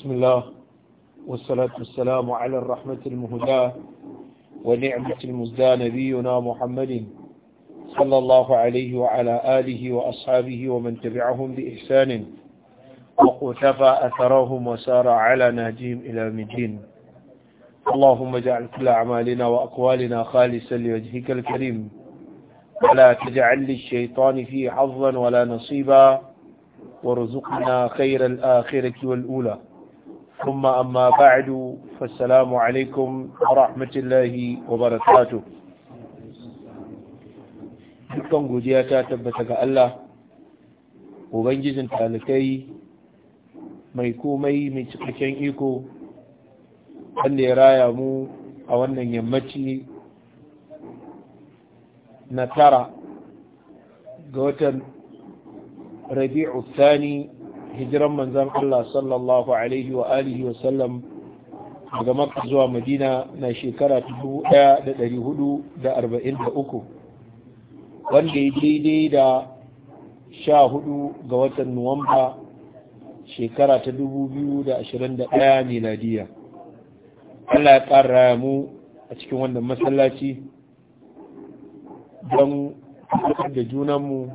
بسم الله والصلاة والسلام على الرحمة المهداة ونعمة المزدى نبينا محمد صلى الله عليه وعلى آله وأصحابه ومن تبعهم بإحسان وقتفى أثرهم وسار على نهجهم إلى مدين اللهم اجعل كل أعمالنا وأقوالنا خالصا لوجهك الكريم ولا تجعل للشيطان فيه حظا ولا نصيبا وارزقنا خير الآخرة والأولى ثم أما بعد فالسلام عليكم ورحمة الله وبركاته dukkan godiya ta tabbata ga Allah ubangijin talikai mai komai mai cikakken iko wanda ya raya mu a wannan yammaci na tara ga watan rabi'u Sani. hijiran manzan Allah sallallahu alaihi wa alihi wa sallam daga makka zuwa madina na shekara 1443 wanda ya daidai da 14 ga watan nuwamba shekara ta 2021 miladiya Allah ya ƙara mu a cikin wannan masallaci don da junanmu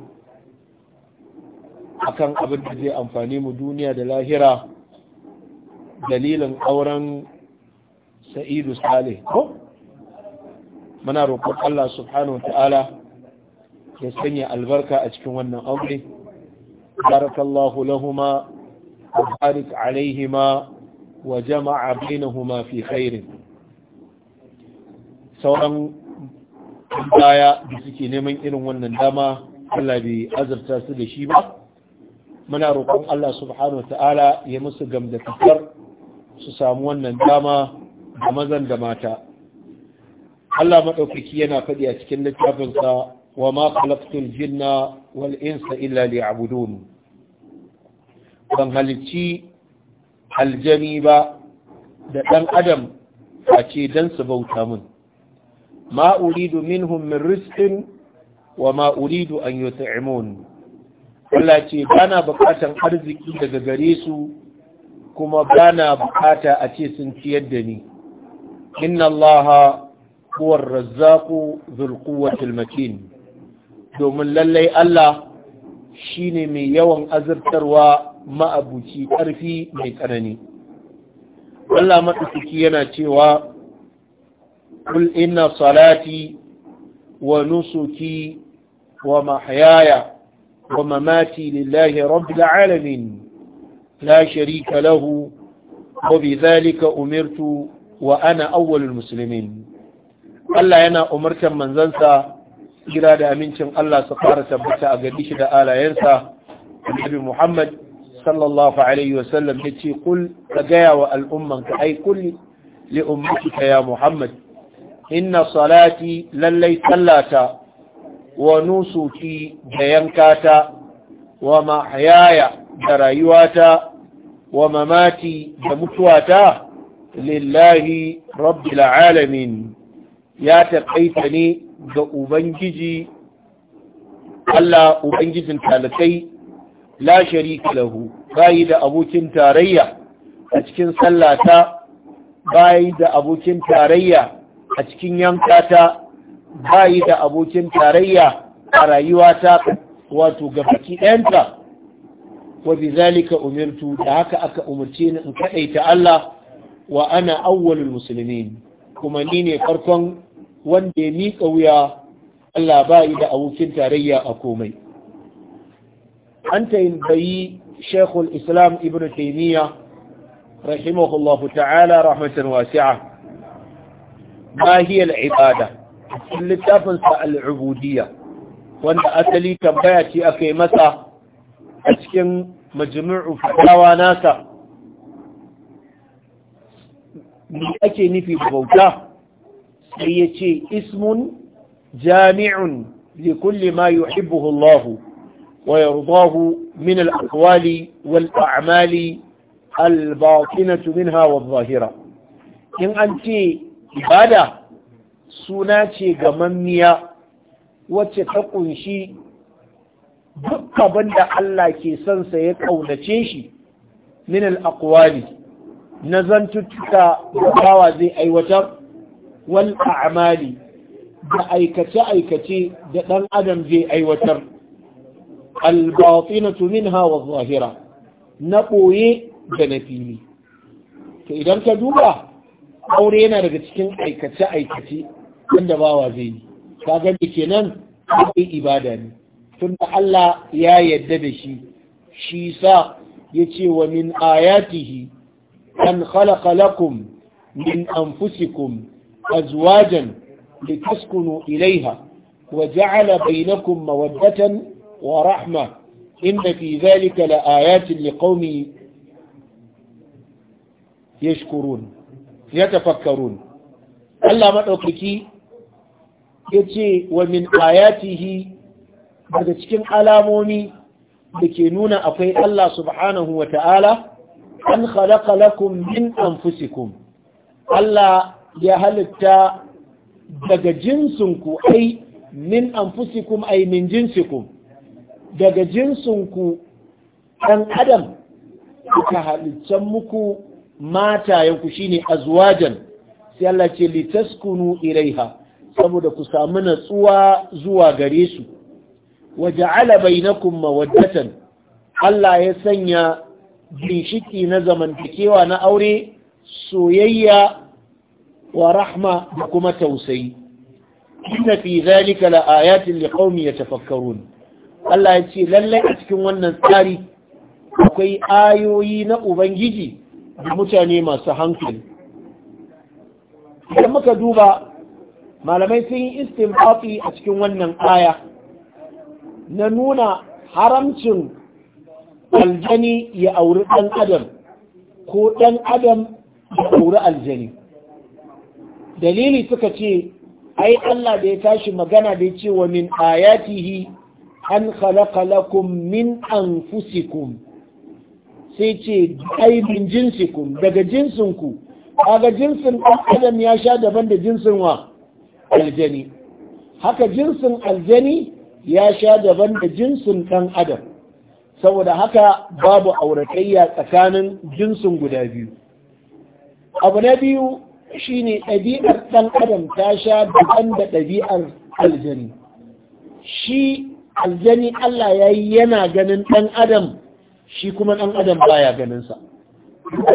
akan abin da zai amfani mu duniya da lahira dalilin auren sa'idu salih ko muna roƙon Allah subhanahu wa ta'ala ya sanya albarka a cikin wannan aure barakallahu lahuma wa barik alaihima wa jama'a bainahuma fi khairin sauran baya da suke neman irin wannan dama Allah bai azurta su da shi ba muna roƙon Allah subhanahu ta'ala ya musu fitar su samu wannan dama da mazan da mata Allah maɗaukaki yana faɗi a cikin littafinsa wa ma khalaqtul jinna wal insa illa liya'budun ban halicci aljani ba da ɗan adam a ce don su bauta min ma uridu minhum min rizqin wa ma uridu an yut'imun Allah ce bana bukatan arziki daga gare su kuma bana bukata a ce sun ciyar da ni inna allaha huwar razzaqu dhul quwwatil matin domin lallai Allah shine mai yawan azurtarwa ma'abuci ƙarfi mai tsanani Allah maɗaukaki yana cewa kul inna salati wa nusuki wa mahyaya ومماتي لله رب العالمين لا شريك له وبذلك أمرت وأنا أول المسلمين Allah yana umartar manzansa kira da amincin Allah su fara tabbata a gadi shi da alayensa Annabi Muhammad sallallahu alaihi wasallam kul ka gaya wa al'ummanka ai kul li ummatika ya Muhammad inna salati lallai sallata wa nusuki da yankata wa mahyaya da rayuwata wa mamati da mutuwata lillahi rabbil alamin ya taƙaita ne ga ubangiji Allah ubangijin talakai la sharika lahu bayi da abokin tarayya a cikin sallata bayi da abokin tarayya a cikin yankata bayi da abokin tarayya a rayuwata wato ga baki ɗayanta wa bi zalika umirtu da haka aka umarce ni in ta Allah wa ana awwalul muslimin kuma ni ne farkon wanda ya miƙa wuya Allah bayi da abokin tarayya a komai an tambayi shekul islam ibn taimiyya rahimahullahu ta'ala rahmatan wasi'a ma hiya al-ibada cikin littafinsa al'ubudiyya wanda asali tambaya ce aka yi masa a cikin majami'u fatawa nasa ne ake nufi bauta sai ya ce ismun jami'un li kulli ma yuhibbuhu Allah wa yardahu min al-aqwali wal a'mali al-batinatu minha hawa zahira. in an ce ibada suna ce ga mammiya wacce ta kunshi duk abin da Allah ke son sa ya ƙaunace shi min al na zantuttuka da bawa zai aiwatar wal a'mali da aikace aikace da ɗan adam zai aiwatar al-batinatu minha wa zahira na ɓoye da na fili to idan ka duba aure yana daga cikin aikace aikace wanda ba wa zai ka gani kenan abin ibada ne tunda Allah ya yadda da shi shi sa yace wa min ayatihi an khalaqa lakum min anfusikum azwajan litaskunu ilaiha wa ja'ala bainakum mawaddatan wa rahma inna fi dhalika laayatin liqaumin yashkurun yatafakkarun Allah madaukaki ya ce wa min ayatihi daga cikin alamomi da ke nuna akwai Allah subhanahu wa ta'ala an khalaqa lakum min anfusikum Allah ya halitta daga jinsinku ai min anfusikum ai min jinsikum daga jinsinku ɗan adam ka halittar muku yanku shine azwajan sai Allah ce litaskunu ilaiha saboda ku samu natsuwa zuwa gare su ja'ala bainakum mawaddatan Allah ya sanya ginshiki na zamantakewa na aure soyayya wa rahma da kuma tausayi inna fi zalika la ayatin liqaumin yatafakkarun Allah ya ce lallai a cikin wannan tsari akwai ayoyi na ubangiji da mutane masu hankali idan muka duba malamai sun yi istimfafi a cikin wannan aya na nuna haramcin aljani ya auri ɗan adam ko ɗan adam ya auri aljani dalili suka ce ai Allah da ya tashi magana da ya ce wa min ayatihi an khalaqa lakum min anfusikum sai ce ai min jinsikum daga jinsinku kaga jinsin ɗan adam ya sha daban da jinsin wa aljani haka jinsin aljani ya sha daban da jinsin ɗan adam saboda haka babu auratayya tsakanin jinsin guda biyu abu na biyu shine ɗabi'ar ɗan adam ta sha daban da ɗabi'ar aljani shi aljani Allah ya yi yana ganin ɗan adam shi kuma ɗan adam baya ganinsa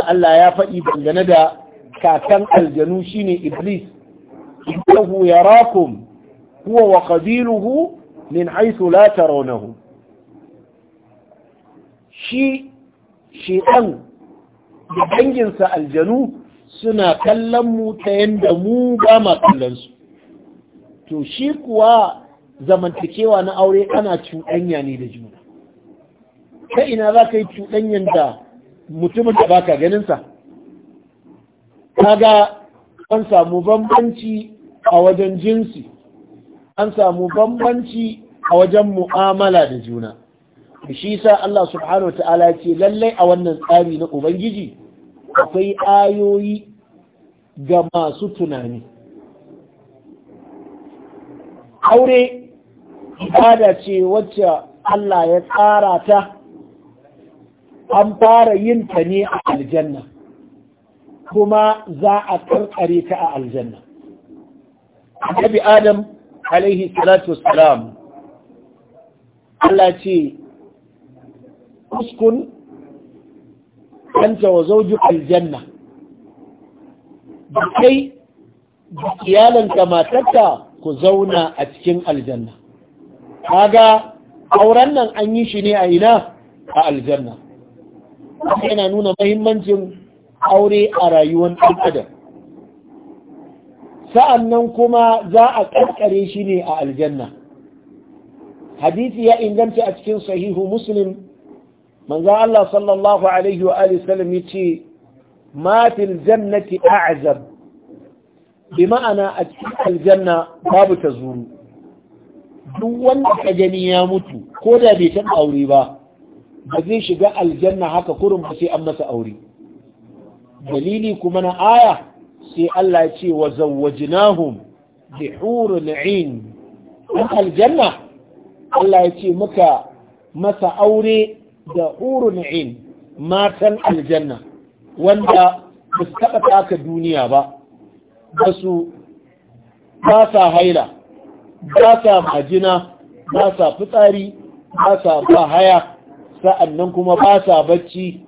Allah ya faɗi dangane da kakan aljanu shine iblis إنه يراكم هو وقبيله من حيث لا ترونه shi shiɗan da danginsa aljanu suna kallon mu ta yadda mu ba ma kallonsu to shi kuwa zamantakewa na aure ana cuɗanya ne da juna ta ina za ka yi cuɗanyan da mutumin da baka ganinsa kaga an samu bambanci a wajen jinsi an samu bambanci a wajen mu'amala da juna shi sa Allah subhanahu wa ta'ala ce lallai a wannan tsari na ubangiji akwai ayoyi ga masu tunani aure ibada ce wacce Allah ya tsara ta an fara yin ta ne a aljanna kuma za a karkare ta a aljanna annabi adam alaihi salatu wassalam Allah ce uskun anta wa zawjuka aljanna kai da iyalanka matarka ku zauna a cikin aljanna kaga auren nan an yi shi ne a ina a aljanna yana nuna mahimmancin aure a rayuwar ɗan adam sa'annan kuma za a ƙarƙare shi ne a aljanna hadisi ya inganta a cikin sahihu muslim manzo Allah sallallahu alaihi wa alihi sallam yace ma fil a'zab bi ma'ana a cikin aljanna babu tazuru duk wanda ka gani ya mutu ko da bai taɓa aure ba ba zai shiga aljanna haka kurum ba sai an masa aure dalili kuma na aya sai Allah ya ce wa zawwajnahum bi hurun ain an aljanna Allah ya ce muka masa aure da hurun ain matan aljanna wanda ba su taɓa taka duniya ba ba su ba sa haila ba sa majina ba sa fitsari ba sa ba haya sa'annan kuma ba sa bacci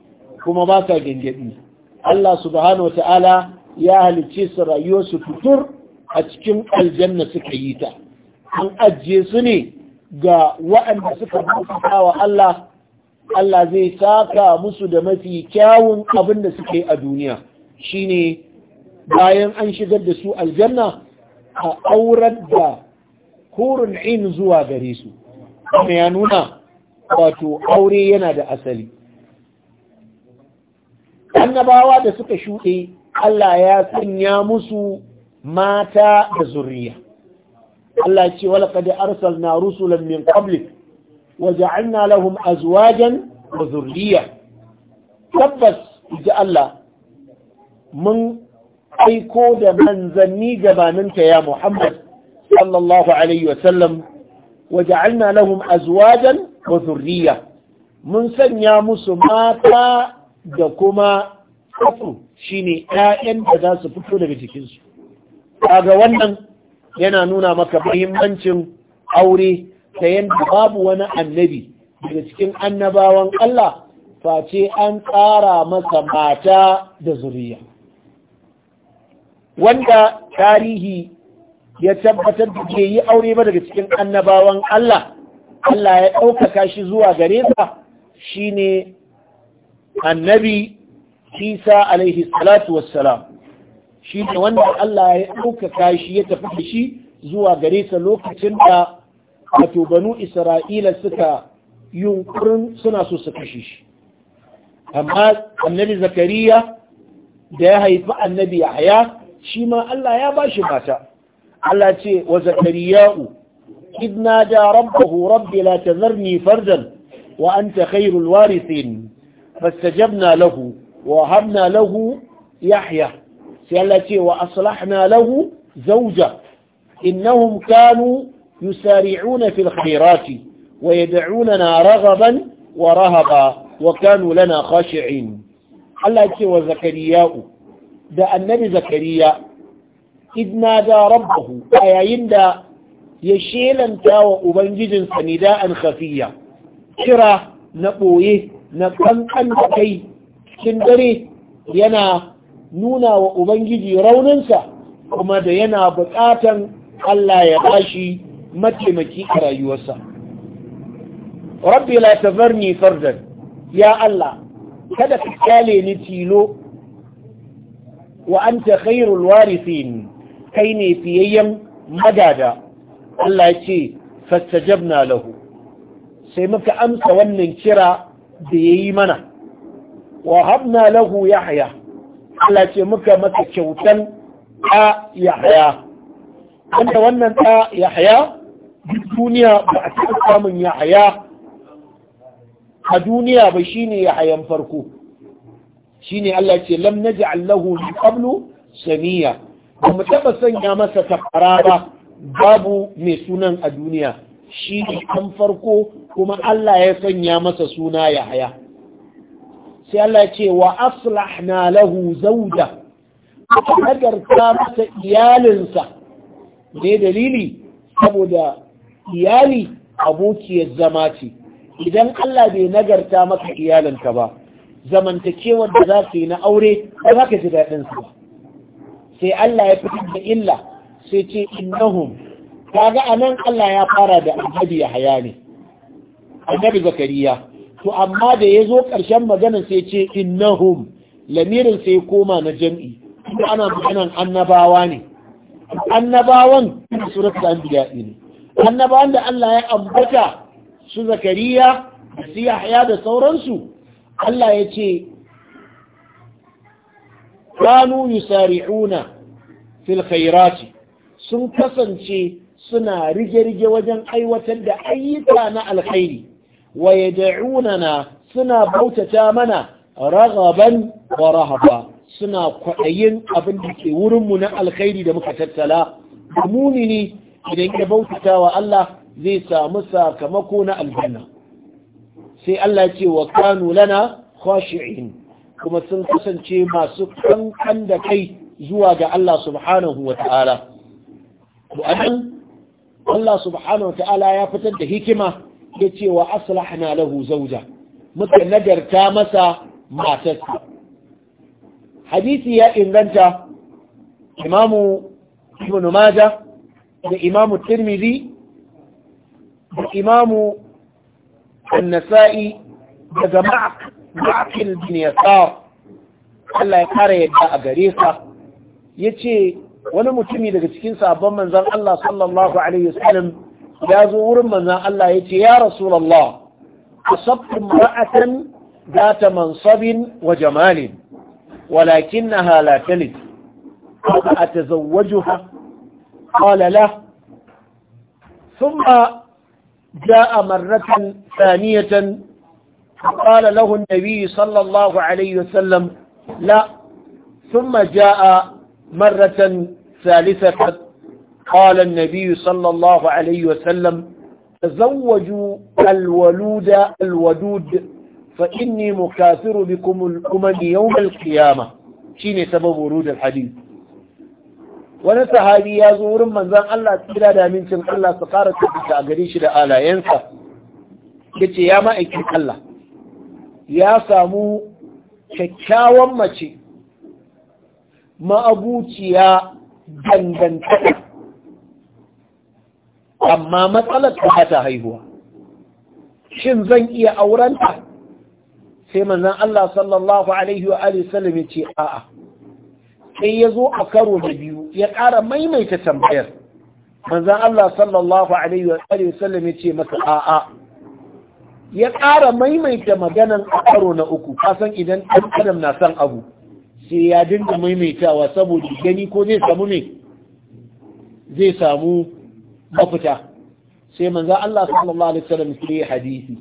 kuma ba sa gangaɗi Allah subhanahu wata'ala ya halicce su rayuwarsu cutur a cikin aljanna suka yi ta an ajiye su ne ga waɗanda suka bauta wa Allah Allah zai saka musu da mafi kyawun abin da suka yi a duniya shine bayan an shigar da su aljanna a aurar da kurin in zuwa gare su ya nuna wato aure yana da asali annabawa da suka shuɗe Allah ya sanya musu mata da zuriya Allah ce wala kad arsalna rusulan min qablik wa ja'alna lahum azwajan wa zurriya tabbas ji Allah mun aiko da manzanni gabaninka ya Muhammad sallallahu alaihi wa sallam wa ja'alna lahum azwajan wa zurriya mun sanya musu mata da kuma shi ne 'ya'yan da za su fito daga jikinsu kaga wannan yana nuna maka muhimmancin aure ta yadda babu wani annabi daga cikin annabawan Allah face an tsara masa mata da zuriya wanda tarihi ya tabbatar da ke yi aure ba daga cikin annabawan Allah Allah ya ɗaukaka shi zuwa gare sa ne. annabi isa alaihi salatu wassalam shi ne wanda Allah ya ɗaukaka shi ya tafi da shi zuwa gare sa lokacin da wato banu isra'ila suka yunkurin suna so su kashe shi amma annabi zakariya da ya haifi annabi yahya shi ma Allah ya ba shi mata Allah ce wa zakariya'u idna da rabbahu rabbi la tazarni fardan wa anta khairul warithin fastajabna lahu wa habna lahu yahya sai Allah ce wa aslahna lahu zawja innahum kanu yusari'una fil khairati wa yad'unana raghaban wa rahaba wa kanu lana khashi'in Allah ce wa zakariya'u da annabi zakariya idna da rabbahu a yayin da ya shelanta wa ubangijinsa nida'an khafiya kira na ɓoye na kankan kai cikin dare yana nuna wa ubangiji rauninsa kuma da yana buƙatan Allah ya bashi mataimaki a rayuwarsa rabbi la tazarni fardan ya Allah kada ka kyale ni tilo wa anta khairul warithin kai ne fiyayyen magada Allah ya ce na lahu sai muka amsa wannan kira da ya yi mana wa habna lahu yahya Allah ce muka masa kyautan ta yahya wanda wannan ta yahya duniya ba a taɓa samun yahya a duniya ba shine yahayan farko shine Allah ce lam naj'al lahu min qablu samiya ba mu taɓa sanya masa tafara ba babu mai sunan a duniya shi ne ɗan farko kuma Allah ya sanya masa suna ya haya sai Allah ce wa na lahu zauda nagarta masa iyalinsa ne dalili saboda iyali abokiyar zama ce idan Allah bai nagarta maka iyalinka ba zamantakewar da za su yi na aure ba za ka ji daɗinsa ba sai Allah ya fitar da illa sai ce innahum kaga anan Allah ya fara da annabi Yahaya ne annabi Zakariya to amma da ya zo ƙarshen maganar sai ce innahum lamirin sai koma na jam'i ana maganar annabawa ne annabawan suratul anbiya ne annabawan da Allah ya ambata su zakariya da su yahya da sauransu Allah ya ce kanu yusari'una fil khairati sun kasance suna rige-rige wajen aiwatar da ayyuka na alkhairi wa yad'unana suna bautata mana ragaban wa rahaba suna kwaɗayin abin da ke wurinmu na alkhairi da muka tattala da mumini idan ya bautata wa Allah zai samu sakamako na aljanna sai Allah ce wa kanu lana khashi'in kuma sun kasance masu kankan da kai zuwa ga Allah subhanahu wa ta'ala anan Allah subhanahu wa ta'ala ya fitar da hikima ya ce wa aslahna lahu zauja muka nagarta masa matarsa hadisi ya inganta imamu ibn majah da imamu tirmidhi da imamu an-nasa'i daga ma'akil bin yasar Allah ya kare yadda a gare sa yace wani mutumi daga cikin sabon manzan Allah sallallahu ya zo wurin manzan Allah ya ce, Ya Rasulallah, a sabbin ra’atan za ta mansabin wa jamalin, walakin na halatalit, ba a ta zauwaju ha, ƙalala, sun ja a marratan saniyatan, ƙala lahun Nabi sallallahu Alaihi wasallam, la, suma ma ja مرة ثالثة قال النبي صلى الله عليه وسلم تزوجوا الولود الودود فإني مكاثر بكم الأمم يوم القيامة شين سبب ورود الحديث wani sahabi ya zo wurin manzan Allah tsira da amincin Allah su ƙara tabbata a gare shi da alayensa ya ce ya ma'aikin Allah ya samu kyakkyawan mace ma'abuciya dangantaka amma matsalar ta ta haihuwa shin zan iya aurenta sai manzon Allah sallallahu alaihi wa alihi sallam ya ce a'a sai ya zo a karo da biyu ya ƙara maimaita tambayar manzan Allah sallallahu Alaihi wasallam ya ce masa a'a ya ƙara maimaita maganan a karo na uku kasan idan ɗan adam na san abu sai ya dinga maimaitawa saboda gani ko zai samu ne zai samu mafita sai manzo Allah sallallahu alaihi wasallam sai hadisi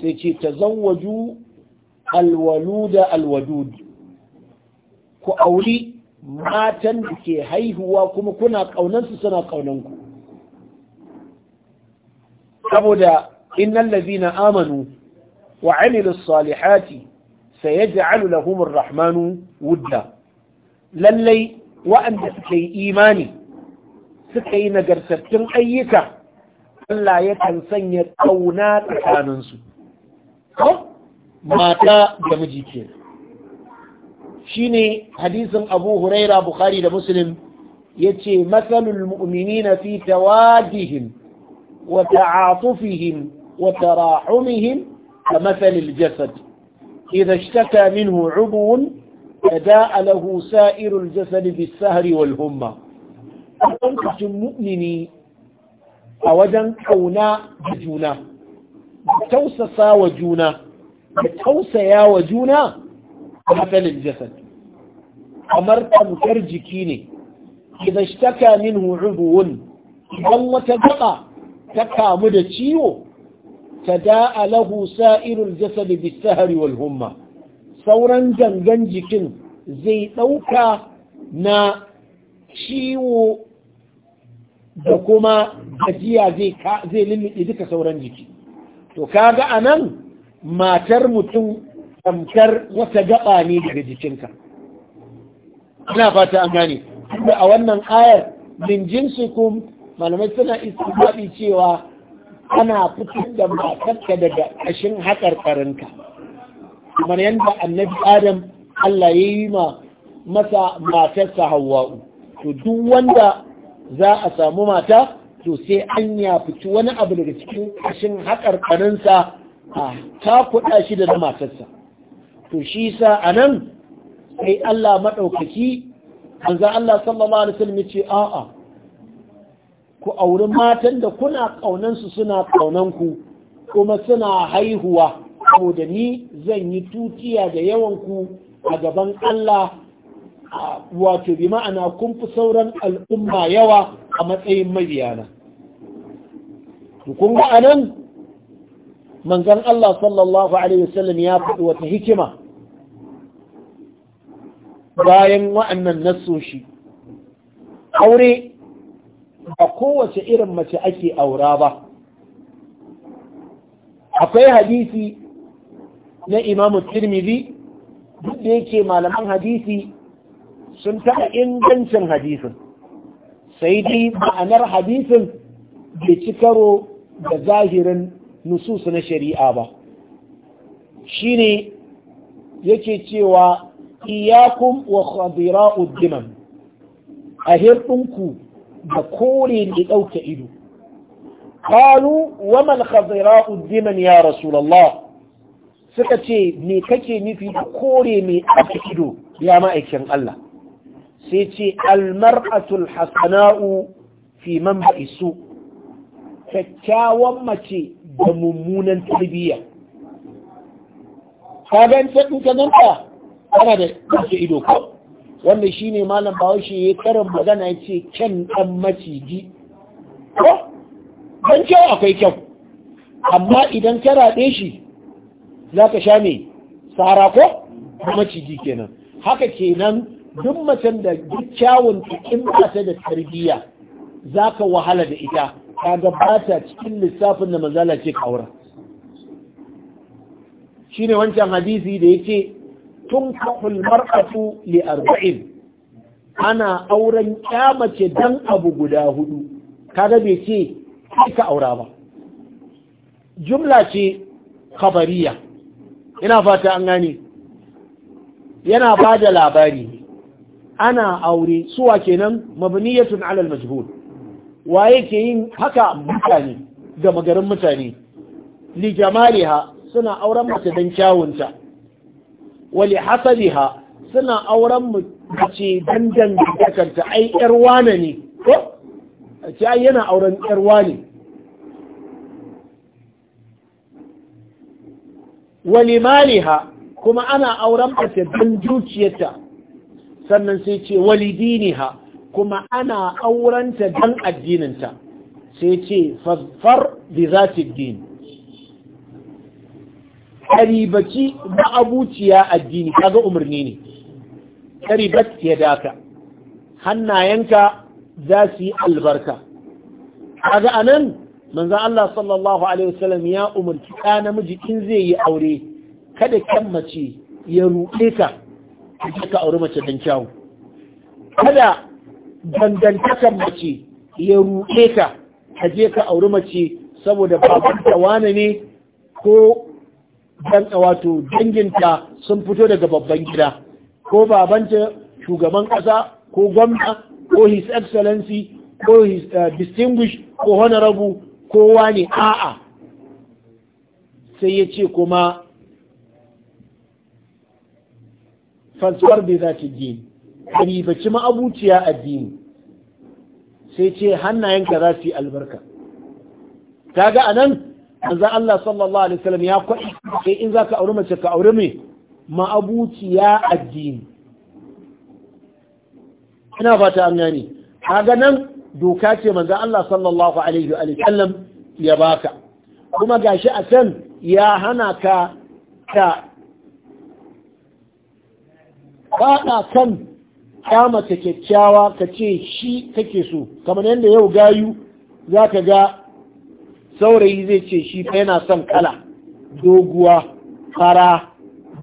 sai ce tazawwaju alwaluda alwadud ku auri matan da ke haihuwa kuma kuna ƙaunansu suna ku saboda innal ladina amanu wa amilus salihati sayaj'alu lahumur rahmanu wudda lallai wa'anda suka yi imani suka yi nagartattun ayyuka Allah yakan sanya ƙauna tsakaninsu mata da miji ke shine hadisin Abu Huraira Bukhari da Muslim ya yace masalul mu'minina fi tawadihim wa ta'atufihim wa tarahumihim ka masalil jasad إذا اشتكى منه عضو تداء له سائر الجسد بالسهر والهمة أنت مؤمني أوجن كونا بجونا توسسا وجونا توسيا وجونا مثل الجسد أمرت مترجكيني إذا اشتكى منه عضو إذا وتبقى تكامد تشيو tada'a lahu sa'irul jasad bis-sahri wal humma sauran gangan jikin zai ɗauka na ciwo da kuma gajiya zai zai lulluɗe duka sauran jiki to kaga anan matar mutum tamkar wata gaba ne daga jikinka ina fata an gane a wannan ayar min kum, malamai suna istifaɗi cewa ana fitar da matarka daga ƙashin haƙarƙarinka kamar yadda annabi adam Allah ya yi masa matarsa hawa'u to duk wanda za a samu mata to sai an ya fici wani abu daga cikin ƙashin haƙarƙarinsa a ta kuɗa shi da na matarsa to shi sa a nan sai Allah maɗaukaki an za Allah sallallahu alaihi wasallam ya ce a'a ku auri matan da kuna ƙaunansu suna ƙaunanku kuma suna haihuwa saboda ni zan yi tutiya da yawanku a gaban Allah wato bi ma'ana kun fi sauran al'umma yawa a matsayin mabiyana. Kun ga anan manzan Allah sallallahu Alaihi wasallam ya faɗi wata hikima bayan wa'annan nasoshi. Aure ba kowace irin mace ake aura ba akwai hadisi na imamu tirmidhi duk da yake malaman hadisi sun taɓa ingancin hadisin sai dai ma'anar hadisin bai ci karo da zahirin nususu na shari'a ba Shi ne yake cewa iyakun wa khadira'ud diman a hirɗinku da kore mai ɗauke ido qalu wa mal khadira'u diman ya rasulullah suka ce me kake nufi da kore mai ɗauke ido ya ma'aikin Allah sai ce almar'atul hasana'u fi man ba'isu kyakkyawan mace da mummunan tarbiyya ka ga in ta ganta ana da ɗauke ido ko wanda shi ne malam bahaushe ya karin magana ya ce kyan ɗan maciji ko don kyau akwai kyau amma idan ka raɗe shi za ka sha ne tsara ko maciji kenan haka kenan duk macen da duk kyawun cikin ba da tarbiyya za ka wahala da ita ta gabata cikin lissafin da mazala ce aure. shi ne wancan hadisi da yake ce Tun تنكح المرأة لأربع أنا أورا كامة bai ce قداه كذا بيتي ba. Jumla ce خبرية ina fata an gane yana ba da labari ana aure suwa kenan mabniyatun alal majhul waye ke yin haka mutane ga magarin mutane li jamaliha suna auren mace dan kyawunta wali hasabiha suna auren mu ce dangan da ai yar wane ne ko ai yana auren wali maliha kuma ana auren mace don dukiyarta sannan sai ce wali ha, kuma ana aurenta don addininta sai ce fasfar bi dini karibaci ma'abuciya addini kaga umarni ne karibat ya daka hannayenka za su yi albarka kaga anan manzan Allah sallallahu alaihi wasallam ya umarci ɗa namiji in zai yi aure kada kyan mace ya ruɗe ka ka aure mace don kyawu kada dangantakan mace ya ruɗe ka ka je ka auri mace saboda babanta wane ne ko dan wato danginta sun fito daga babban gida ko babanta shugaban ƙasa ko gwamna ko his excellency ko his uh, distinguished ko honorable kowa ne a'a sai ya ce kuma fasfar bai za ta gini ribaci ma'abuciya addini sai ce hannayenka za su yi albarka Ta ga anan manzo Allah sallallahu alaihi wasallam ya kwaɗi sai in zaka aure mace ka aure me ma'abuciya addini ina fata an gani. kaga nan doka ce manzo Allah sallallahu alaihi wa sallam ya baka kuma gashi a can ya hana ka ka faɗa kan kyamata kyakkyawa ka ce shi kake so kamar yadda yau gayu za ka ga saurayi zai ce shi fa yana son kala doguwa fara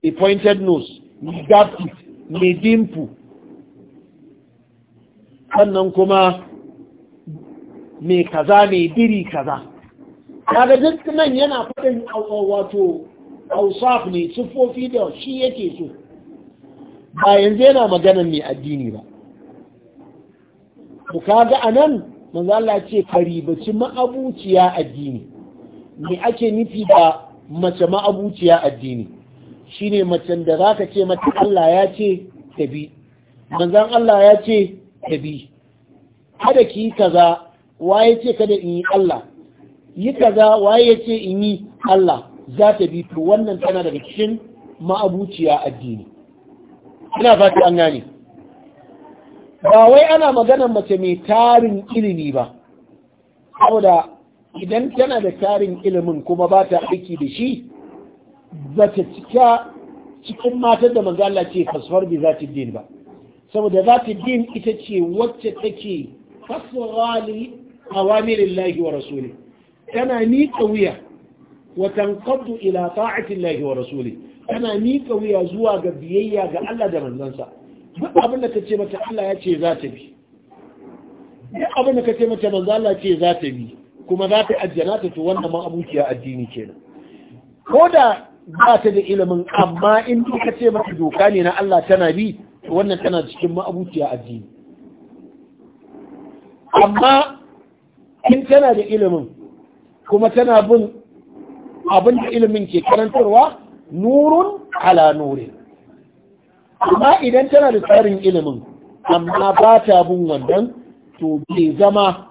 a pointed nose gafi mai dimpu sannan kuma mai kaza mai biri kaza kaga duk nan yana faɗin wato ausaf ne siffofi da shi yake so ba yanzu yana maganan mai addini ba ku kaga a nan manzo Allah ce karibaci ma'abuciya addini me ake nufi da mace ma'abuciya addini shine mace da zaka ce mata Allah ya ce ta bi Allah ya ce ta kada ki kaza waye ce kada in yi Allah yi kaza waye ce in yi Allah za ta bi to wannan tana da cikin ma'abuciya addini ina fata an gane ba wai ana maganar mace mai tarin ilimi ba saboda idan tana da tarin ilimin kuma ba ta aiki da shi ba ta cika cikin matar da magana ce fasfar bi za din ba saboda za din ita ce wacce take a wamirin lahi wa rasuli tana miƙa wuya watan tanqadu ila ta'atin lahi wa rasuli tana miƙa wuya zuwa ga biyayya ga Allah da manzansa duk abin da ka ce mata Allah ya ce za ta bi duk abin da ka ce mata manzo Allah ce za ta bi kuma za ta ajjana ta to wannan ma abukiya addini kenan ko da ba ta da ilimin amma in duk ka ce mata doka ne na Allah tana bi to wannan tana cikin abukiya addini amma in tana da ilimin kuma tana bin abin da ilimin ke karantarwa nurun ala nurin amma idan tana da tsarin ilimin amma ba ta bin wannan to bai zama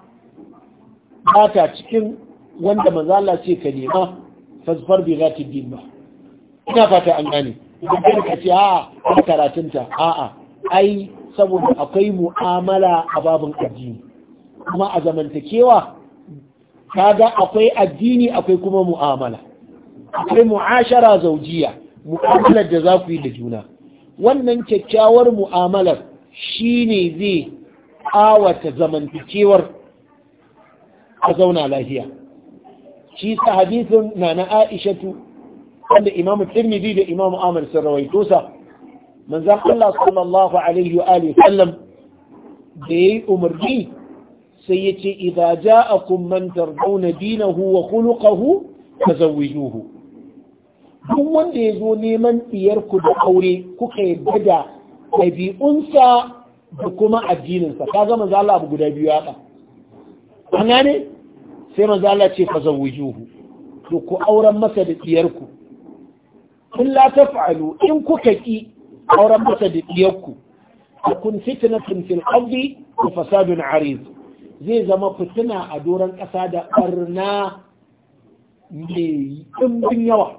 ba ta cikin wanda mazala ce ka nema fasfar bai za ta ba ina fata an gane idan ka ce a'a a karatunta a'a ai saboda akwai mu'amala a babin addini kuma a zamantakewa kaga akwai addini akwai kuma mu'amala akwai mu'ashara zaujiya mu'amalar da za ku yi da juna wannan kyakkyawar mu'amalar shi ne zai awata zamantakewar a zauna lafiya shi sa hadisin na na aishatu wanda imamu tirmidhi da imamu amir sun rawaito sa manzan Allah sallallahu alaihi wa alihi sallam da yayi umarni sai yace idza ja'akum man tardawna dinahu wa khuluquhu fazawwijuhu duk wanda ya zo neman ɗiyarku da aure kuka yarda da ɗabi'unsa da kuma addininsa ka zama zala abu guda biyu haka an gane sai mazala ce ce fa zawwijuhu to ku auren masa da ɗiyarku in la taf'alu in kuka ƙi auren masa da ɗiyarku kun fitina fil ardi wa fasadun arid zai zama fitina a doron ƙasa da ɓarna mai ɗimbin yawa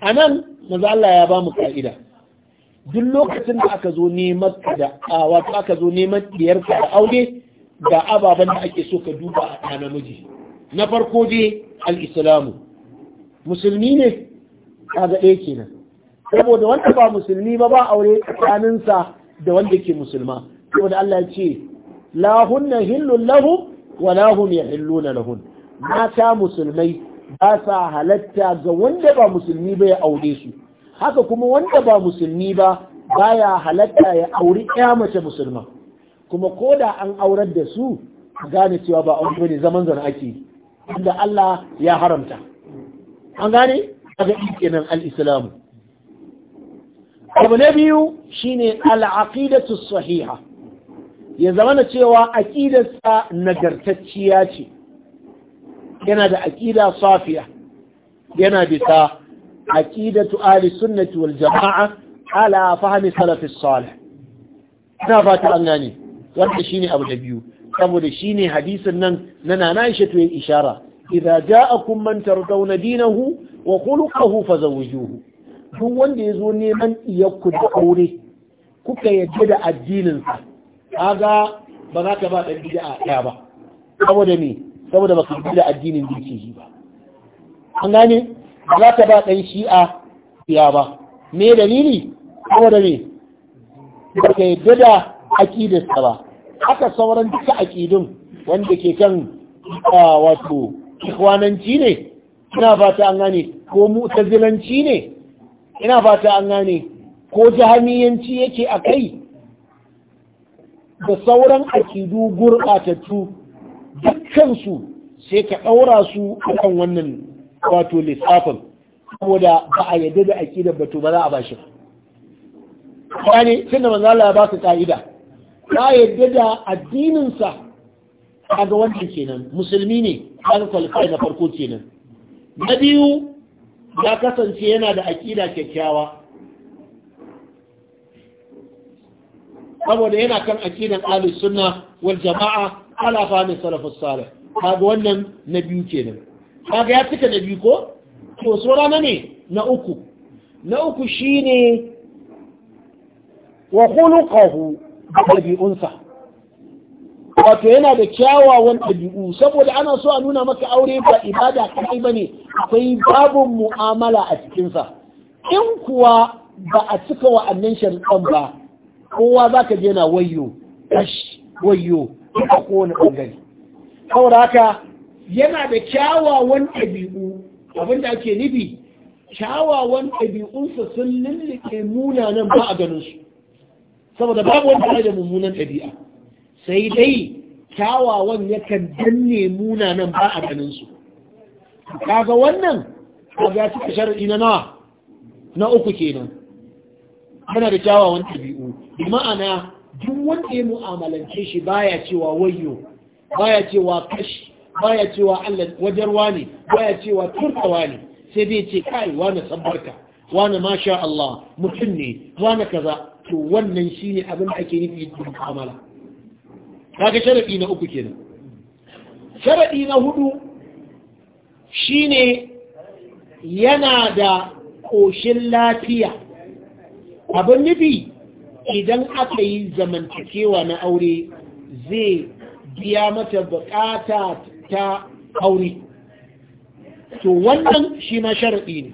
a nan maza Allah ya ba mu ka'ida duk lokacin da aka zo neman da a wato aka zo neman diyarka da aure ga ababen da ake so ka duba a namiji na farko dai al musulmi ne kaga ɗaya kenan saboda wanda ba musulmi ba ba aure tsakaninsa da wanda ke musulma saboda Allah ya ce lahun na hillun lahu wa ya hum na lahun mata musulmai ba sa halatta ga wanda ba musulmi ba ya aure su haka kuma wanda ba musulmi ba baya halatta ya auri ya mace musulma kuma ko da an aurar da su gane cewa ba aure bane zaman zan ake inda Allah ya haramta an gane daga kenan al-islamu abu na biyu shine al-aqidatu sahiha ya zama na cewa aqidarsa nagartacciya ce yana da aƙida safiya yana bisa aƙidatu ahli sunnati wal jama'a ala fahmi Salafis salih ina fata an gane wanda shine abu da biyu saboda shine hadisin nan na nana Aisha to yayi ishara idza ja'akum man tardawna dinahu wa khuluquhu fazawwijuhu duk wanda yazo neman iyakku da aure kuka yadda da addinin sa kaga ba za ka ba dan bid'a ɗaya ba saboda me saboda baka yi da addinin da yake ba an gane ba za ta ba ɗan shi'a biya ba me dalili da me ba ka yadda da aƙidarsa ba haka sauran duka aƙidun wanda ke kan wato ikwananci ne ina fata an gane ko mutazilanci ne ina fata an gane ko jahamiyanci yake a kai da sauran akidu gurɓatattu dukkansu sai ka ɗaura su akan wannan wato lissafin saboda ba a yadda da aƙida da to ba za a bashi shi ba ne sun da Allah ya ba ka ka'ida ka yadda da addininsa a ga wannan kenan musulmi ne kaga kwalifai na farko kenan na biyu ya kasance yana da aƙida kyakkyawa saboda yana kan aƙidan alisunna sunna wal jama'a ala fahmi salafus salih kaga wannan na biyu kenan kaga ya cika na biyu ko to sura na ne na uku na uku shine wa khuluquhu dabi'unsa wato yana da kyawawan ɗabi'u saboda ana so a nuna maka aure ba ibada kai bane akwai babun mu'amala a cikinsa in kuwa ba a cika wa annan shari'an ba kowa za ka je na wayo kash wayo a kowane ɓangare saboda haka yana da kyawawan ɗabi'u abinda ake nufi kyawawan ɗabi'unsa sun lullike munanan ba a ganin saboda babu wanda da mummunan ɗabi'a sai dai kyawawan yakan danne munanan ba a ganin kaga wannan a ya cika shar'i na nawa na uku kenan yana da kyawawan ɗabi'u bi ma'ana duk wanda ya mu'amalance shi baya cewa wayo baya cewa kashi baya cewa Allah wajarwa ne baya cewa turkawa ne sai dai ce kai wani sabbarka wani masha Allah mutum ne wani kaza to wannan shine abin da ake nufi da mu'amala kaga sharadi na uku kenan sharadi na hudu shine yana da koshin lafiya abin nufi idan aka yi zamantakewa na aure zai biya mata bukata ta aure to wannan shi ma sharaɗi ne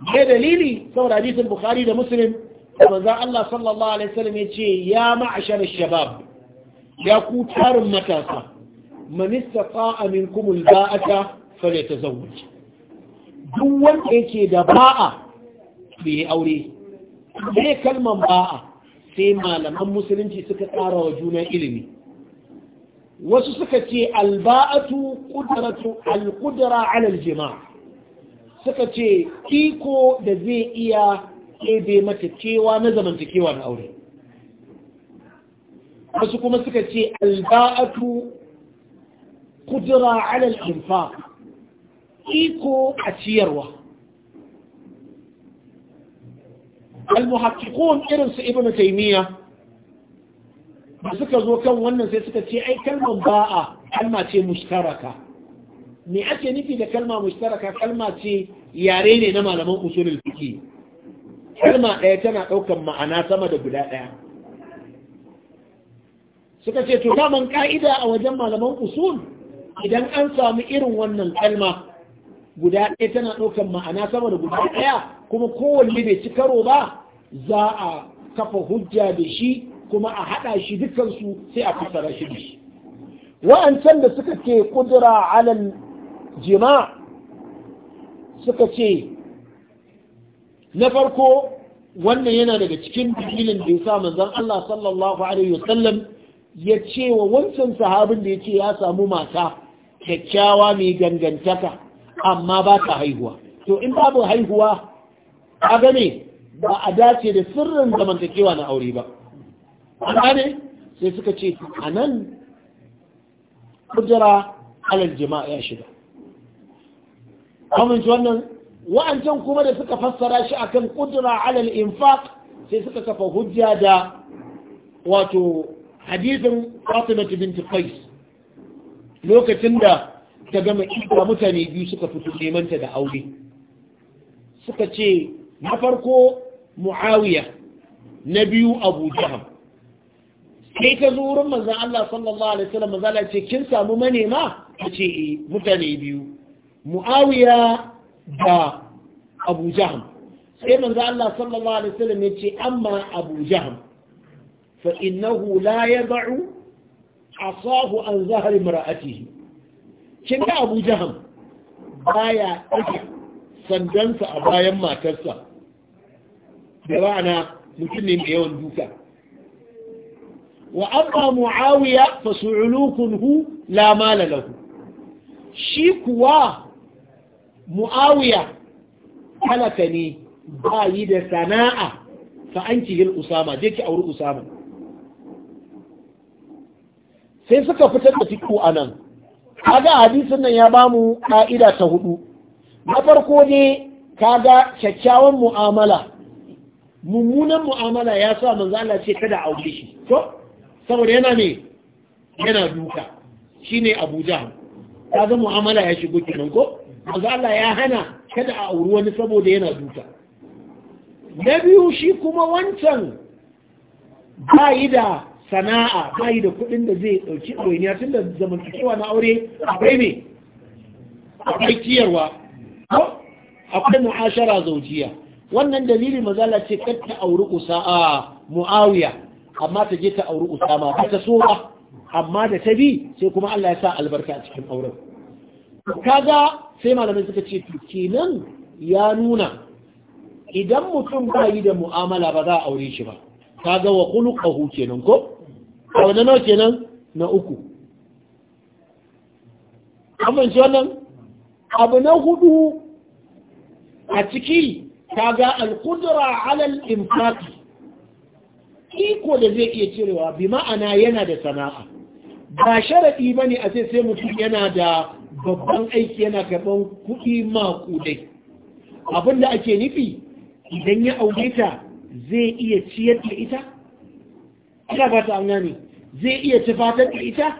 mai dalili saboda hadisin bukari da musulun, da Allah sallallahu alaihi wasallam yace ya ma'ashar shabab ya ku tarin matasa man istata'a minkum alba'ata falyatazawwaj duk wanda yake da ba'a bai aure ne kalman ba'a sai malaman musulunci suka tsara wa juna ilimi wasu suka ce alba'atu ƙudaratu alƙudara alal jima' suka ce iko da zai iya ebe mata cewa na zamantakewa na aure wasu kuma suka ce alba'atu ƙudara alal infaq iko a ciyarwa al-muhaqqiqun irin su ibnu taymiya ba suka zo kan wannan sai suka ce ai kalmar ba'a kalma ce mushtaraka me ake nufi da kalma mushtaraka kalma ce yare ne na malaman usulul fiqh kalma ɗaya tana ɗaukar ma'ana sama da guda ɗaya suka ce to daman ka'ida a wajen malaman usul idan an samu irin wannan kalma guda ɗaya tana ɗaukar ma'ana sama da guda ɗaya kuma kowanne bai ci karo ba za a kafa hujja da shi kuma a haɗa shi dukansu sai a fassara shi da shi wa'ancan da suka ke kudura alal jima suka ce na farko wannan yana daga cikin dalilin da ya sa manzon Allah sallallahu alaihi wasallam ya ce wa wancan sahabin da ya ce ya samu mata kyakkyawa mai gangantaka amma ba ta haihuwa to in babu haihuwa a gane ba a dace da sirrin zamantakewa na aure ba amma ne sai suka ce a nan kujera alal jima'a ya shiga amince wannan wa'ancan kuma da suka fassara shi akan kudura alal infaq sai suka kafa hujja da wato hadisin Fatima binti Qais lokacin da ta gama ita mutane biyu suka fito nemanta da aure suka ce na farko muawiya na biyu abu jaham sai ka zo wurin manzan Allah sallallahu alaihi wasallam manzala ce kin samu manema a ce eh, mutane biyu muawiya da abu jaham sai manzan Allah sallallahu alaihi wasallam ya ce amma abu jaham fa innahu la yad'u asahu an zahari mara'atihi kin ga abu jaham baya ɗauke sandansa a bayan matarsa da rana mutum ne mai yawan duka wa amma muawiya fa hu la mala lahu shi kuwa muawiya talaka ne ba yi da sana'a fa an kihil usama je ki auri usama sai suka fitar da a anan kaga hadisin nan ya bamu ka'ida ta hudu na farko ne kaga kyakkyawan mu'amala mummunan mu'amala ya sa manzo Allah ce kada aure shi to saboda yana ne yana duka shine Abuja Jahl kaga mu'amala ya shigo kenan ko manzo Allah ya hana kada a auri wani saboda yana duka na biyu shi kuma wancan bayi da sana'a bayi da kuɗin da zai ɗauki ɗoyiniya tun da zamantakewa na aure akwai ne akwai ko akwai mu'ashara zaujiya wannan dalili mazala ce katta ta auri usa'a muawiya amma ta je ta auri usama ba ta so amma da ta bi sai kuma Allah ya sa albarka a cikin auren kaga sai malamai suka ce kenan ya nuna idan mutum ba yi da mu'amala ba za a aure shi ba kaga wa khuluquhu kenan ko A na nawa kenan na uku amince wannan abu na hudu a ciki kaga al-qudra ala al-infaq iko da zai iya cirewa bi ma'ana yana da sana'a ba sharadi bane a sai sai mutum yana da babban aiki yana karban kuɗi maƙudai abinda ake nufi idan ya aure ta zai iya ciyar da ita ina ba ta zai iya tafatar da ita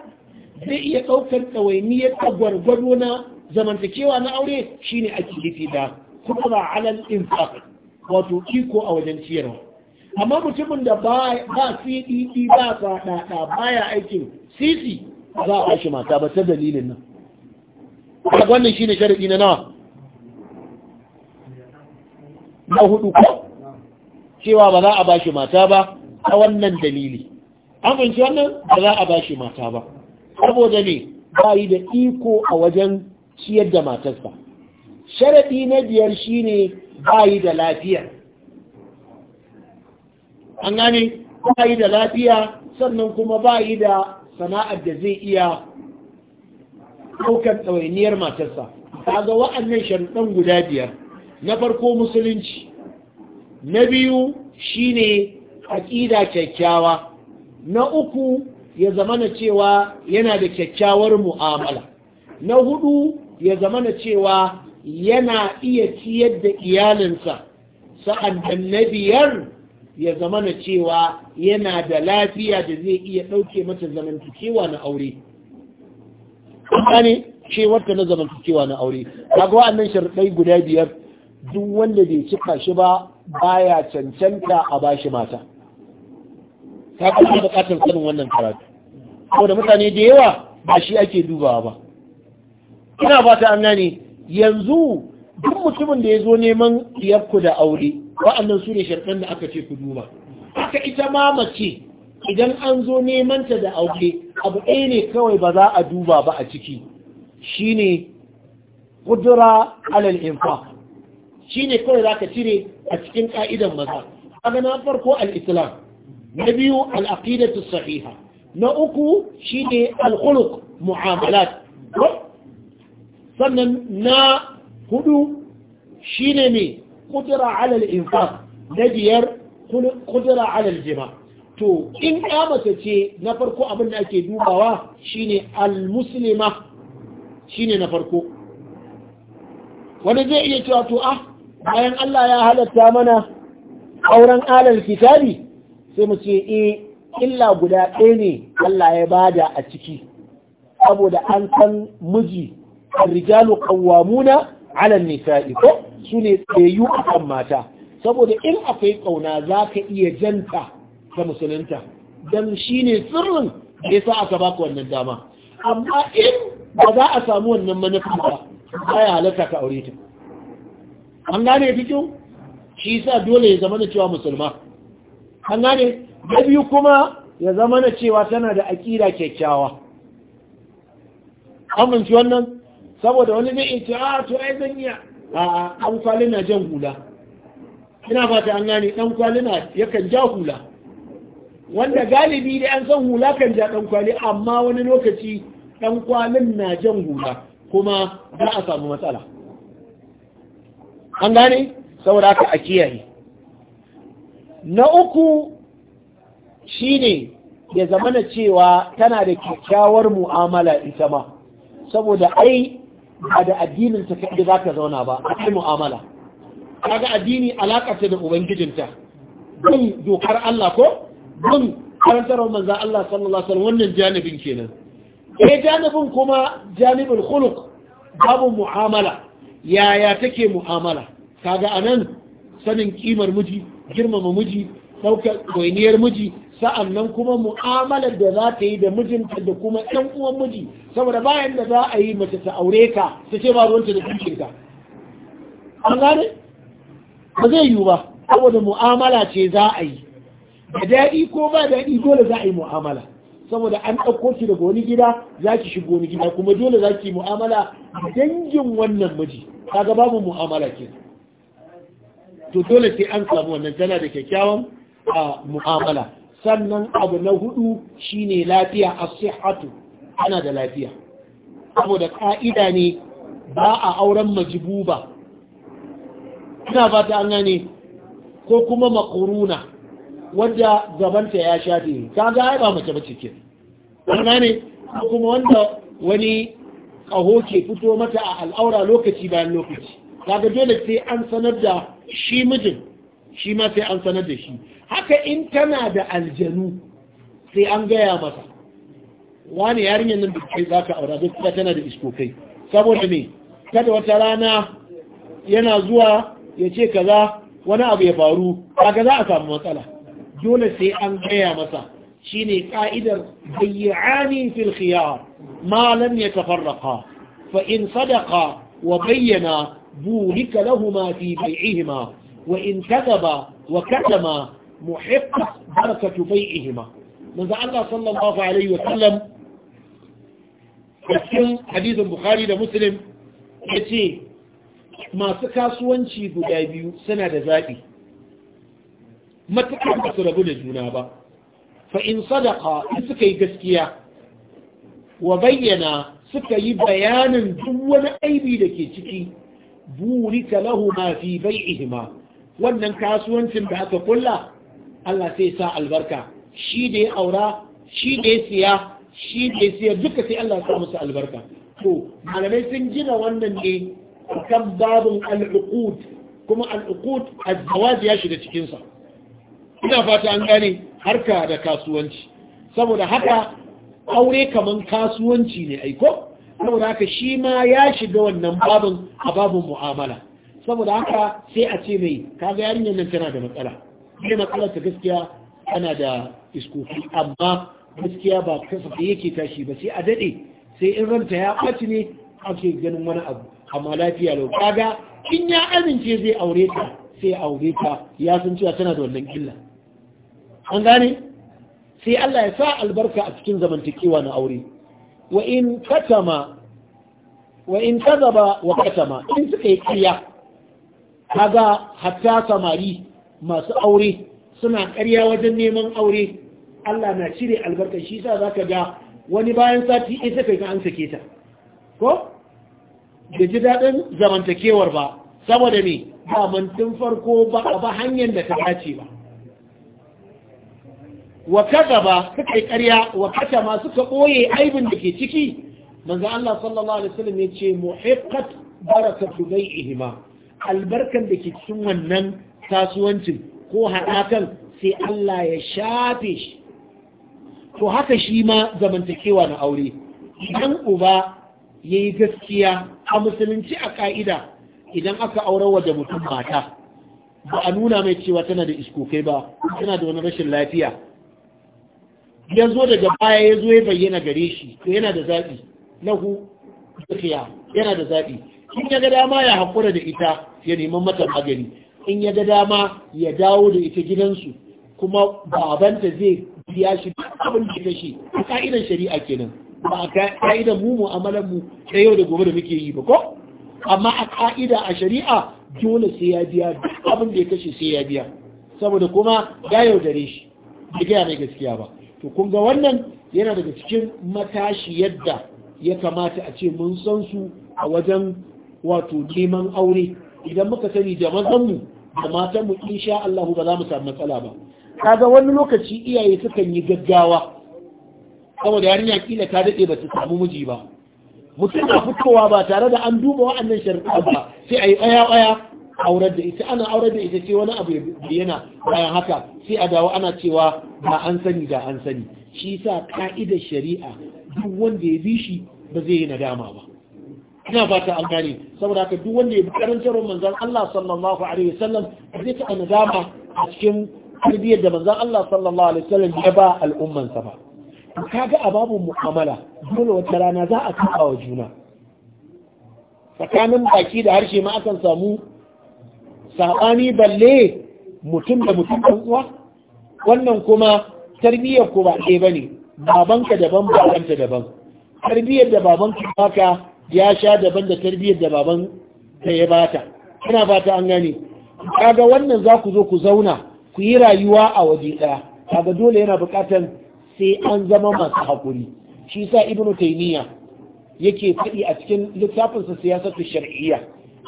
zai iya ɗaukar ɗawainiyar gwargwado na zamantakewa na aure shine ake nufi da kudura alal infaq wato iko a wajen ciyarwa amma mutumin da ba ba CDD ba da baya aikin sisi za a shi mata ba ta dalilin nan wannan shine sharadi na nawa na hudu ko cewa ba za a bashi mata ba a wannan dalili An fahimci wannan ba za a bashi mata ba saboda ne ba yi da iko a wajen ciyar da matarsa sharaɗi na biyar shine bayi da lafiya an gane bayi da lafiya sannan kuma bayi da sana'ar da zai iya ɗaukar tsawainiyar matarsa kaga wa'annan sharuɗan guda biyar na farko musulunci na biyu shine aƙida kyakkyawa na uku ya zamana cewa yana da kyakkyawar mu'amala na hudu ya zamana cewa yana iya ciyar da iyalinsa sa'an na biyar ya zama na cewa yana da lafiya da zai iya ɗauke mata zamantakewa na aure ne cewarta na zamantakewa na aure kaga wa'annan sharɗai guda biyar duk wanda bai cika shi ba baya cancanta a bashi mata ta kuma buƙatar sanin wannan karatu da mutane da yawa ba shi ake dubawa ba ina ba ta an gane yanzu duk mutumin da ya zo neman diyarku da aure wa'annan su ne sharɗan da aka ce ku duba aka ita ma mace idan an zo nemanta da aure abu ɗaya ne kawai ba za a duba ba a ciki ne kudura alal infa ne kawai za ka cire a cikin ƙa'idan maza aga na farko al-islam na biyu al-aqidatu sahiha na uku shine ne khuluq mu'amalat sannan na hudu shine ne kudura alal infaq na biyar kudura alal jima to in mace ce na farko abin da ake dubawa shine al-muslima shine na farko wani zai iya cewa to ah bayan Allah ya halatta mana auren alal kitabi sai mu ce eh illa guda ɗaya ne Allah ya bada a ciki saboda an san miji الرجال قوامون على النساء سنة يو mata. saboda in akwai ƙauna za ka iya janta ta musulunta Dan shi ne sirrin da ya sa aka baka wannan dama amma in ba za a samu wannan manufa ba ba ya halatta ka aure ta an gane fitu shi sa dole ya zama na cewa musulma an gane da biyu kuma ya zama na cewa tana da aƙira kyakkyawa shi wannan saboda wani zai iya ce a ah, to ai zan yi. a an kwali na jan hula ina fata an gane dan kwali yakan ja hula wanda galibi da an san hula kan ja dan kwali amma wani lokaci dan kwalin na jan hula kuma za a samu matsala an gane saboda haka a kiyaye na uku shine ya zamana cewa tana da kyakkyawar mu'amala ita ma saboda ai ba da addinin ta kaɗi za ka zauna ba a kai mu'amala kaga addini alaƙa ce da ubangijinta don dokar Allah ko bin karantar manza Allah sallallahu alaihi wasallam wannan janibin kenan eh janibin kuma janibul khuluq babu mu'amala yaya take mu'amala kaga anan sanin kimar miji girmama miji ɗaukar koyiniyar miji Sa'an nan kuma mu'amalar da za ta yi da mijinta da kuma ɗan uwan miji saboda bayan da za a yi mace ta aure ka ta ce ba ruwanta da kuma ka an gane ba zai yiwu ba saboda mu'amala ce za a yi da daɗi ko ba daɗi dole za a yi mu'amala saboda an ɗauko shi daga wani gida za ki shigo wani gida kuma dole za ki mu'amala dangin wannan miji kaga babu mu'amala ke to dole sai an samu wannan tana da kyakkyawan a ah, mu'amala sannan abu na hudu shine lafiya a sihatu ana da lafiya saboda ka'ida ne ba a auren majibu ba. ina fata an gane ko kuma makuruna wadda gabanta ya shafe ta ga ai ba mace bace ke an gane ko kuma wanda wani kaho ke fito mata a al'aura lokaci bayan lokaci kaga dole sai an sanar da shi mijin shi ma sai an sanar da shi haka in tana da aljanu sai an gaya masa wani yarinyar nan kai za ka aura duk tana da iskokai saboda me kada wata rana yana zuwa ya ce kaza wani abu ya faru kaga za a samu matsala dole sai an gaya masa shine ƙa'idar bayyani fil khiyar ma lam yatafarraqa fa in sadaka wa bayyana burika lahumma fi bai'ihima wa in kadaba wa kadama muhiqqa barakatu bai'ihima manzo Allah sallallahu alaihi wa sallam cikin hadisin Bukhari da Muslim yace masu kasuwanci guda biyu suna da zabi matakan ba su rabu da juna ba fa in sadaqa suka yi gaskiya wa bayyana suka yi bayanin duk wani aibi da ke ciki Buri lahu ma fi bai'ihima wannan kasuwancin da aka kulla Allah sai sa albarka shi da ya aura shi da ya siya shi da ya siya duka sai Allah sa musu albarka to malamai sun gina wannan ne kan babin al'uqud kuma al'uqud az-zawaj ya shiga cikin sa ina fata an gane harka da kasuwanci saboda haka aure kaman kasuwanci ne aiko saboda haka shi ma ya shiga wannan babin a babin mu'amala saboda haka sai a ce mai kaga yarinyar nan tana da matsala ne matsalar ta gaskiya ana da iskofi amma gaskiya ba kasafi yake tashi ba sai a daɗe sai in ranta ya ɓaci ne ake ganin wani abu amma lafiya lau kaga in ya amince zai aure ta sai aure ta ya san cewa tana da wannan illa an gane sai Allah ya sa albarka a cikin zamantakewa na aure wa in katama wa in kazaba wa katama in suka yi kariya kaga hatta samari masu aure suna ƙarya wajen neman aure Allah na cire albarkar shi sa za ka ga wani bayan sati ɗaya sai ka an sake ta ko da ji daɗin zamantakewar ba saboda ne ba mantin farko ba a ba hanyar da ta dace ba wa kaza ba suka yi ƙarya wa ma suka ɓoye aibin da ke ciki manzo Allah sallallahu alaihi wasallam ya ce muhiqqat barakatu bai'ihima albarkan da ke cikin wannan kasuwancin ko haɗakan sai Allah ya shafe shi to haka shi ma zamantakewa na aure idan uba ya yi gaskiya a musulunci a ƙa'ida idan aka wa da mutum mata ba a nuna mai cewa tana da iskokai ba tana da wani rashin lafiya ya zo daga baya ya zo ya bayyana gare shi to yana da zaɓi lahu gaskiya yana da zaɓi in ya ga dama ya haƙura da ita ya neman mata magani in ya ga dama ya dawo da ita gidansu kuma babanta zai biya shi abin da ya shi a ka'idan shari'a kenan ba a ka'idan mu mu'amalar mu ta yau da gobe da muke yi ba ko amma a ka'ida a shari'a dole sai ya biya duk abin da ya kashe sai ya biya saboda kuma ya yaudare shi bai gaya mai gaskiya ba to kun ga wannan yana daga cikin matashi yadda ya kamata a ce mun san su a wajen wato neman aure idan muka sani da mazanmu da matan mu insha Allah ba za mu samu matsala ba kaga wani lokaci iyaye sukan yi gaggawa saboda yarinya kila ta dade ba ta samu miji ba mutum na fitowa ba tare da an duba wa'annan sharuɗa ba sai a yi ɓaya-ɓaya aurar da ita ana aurar da ita ce wani abu da bayyana bayan haka sai a dawo ana cewa ba an sani da an sani shi sa ka'idar shari'a duk wanda ya bi shi ba zai yi nadama ba ina fata an gane saboda haka duk wanda ya bi karantarwar manzan Allah sallallahu alaihi wasallam zai ta nadama a cikin tarbiyyar da manzan Allah sallallahu alaihi wasallam ya ba al'umman sa ba kaga a babu mu'amala dole wata rana za a kafa wa juna tsakanin baki da harshe ma akan samu sabani balle mutum da mutum ɗan uwa wannan kuma tarbiyyar ko ba ɗaya bane babanka daban babanka daban tarbiyyar da babanka baka ya sha daban da tarbiyyar da baban ta ya bata ina fata an gane kaga wannan za ku zo ku zauna ku yi rayuwa a waje ɗaya kaga dole yana buƙatar sai an zama masu haƙuri shi sa ibnu taymiya yake faɗi a cikin littafinsa ta shar'iyya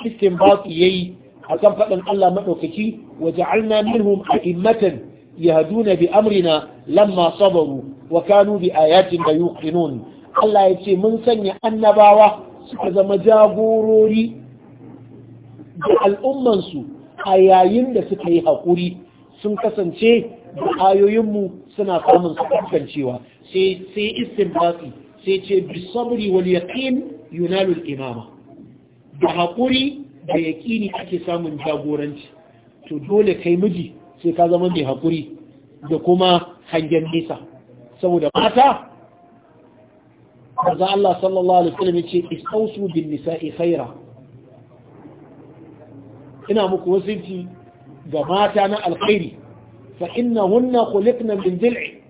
istinbati yayi akan faɗin Allah madaukaki wa ja'alna minhum a'immatan yahduna bi amrina lamma sabaru wa kanu bi ayatin yuqinun Allah ya ce mun sanya annabawa suka zama jagorori da al'ummansu a yayin da suka yi haƙuri sun kasance da ayoyinmu suna samun cewa, sai istinbati sai ce bisabri wal yaqin yunalu imama da haƙuri da yaƙini ake samun jagoranci to dole kai miji sai ka zama mai haƙuri da kuma hangen nesa saboda mata manzo Allah sallallahu alaihi wasallam yace istausu bin nisa'i khaira ina muku wasiti ga mata na alkhairi fa innahunna khuliqna min dil'i